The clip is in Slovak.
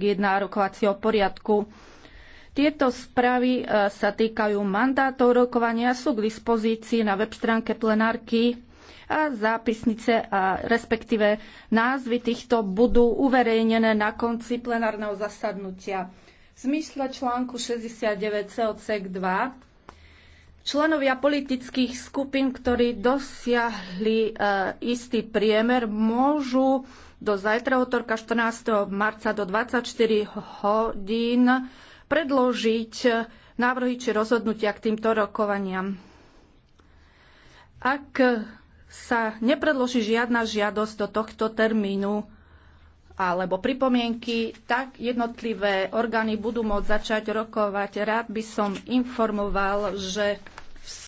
1 rokovacieho poriadku. Tieto správy e, sa týkajú mandátov rokovania, sú k dispozícii na web stránke plenárky a zápisnice a respektíve názvy týchto budú uverejnené na konci plenárneho zasadnutia. V zmysle článku 69 COC 2 Členovia politických skupín, ktorí dosiahli e, istý priemer, môžu do zajtra útorka 14. marca do 24 hodín predložiť návrhy či rozhodnutia k týmto rokovaniam. Ak sa nepredloží žiadna žiadosť do tohto termínu, alebo pripomienky, tak jednotlivé orgány budú môcť začať rokovať. Rád by som informoval, že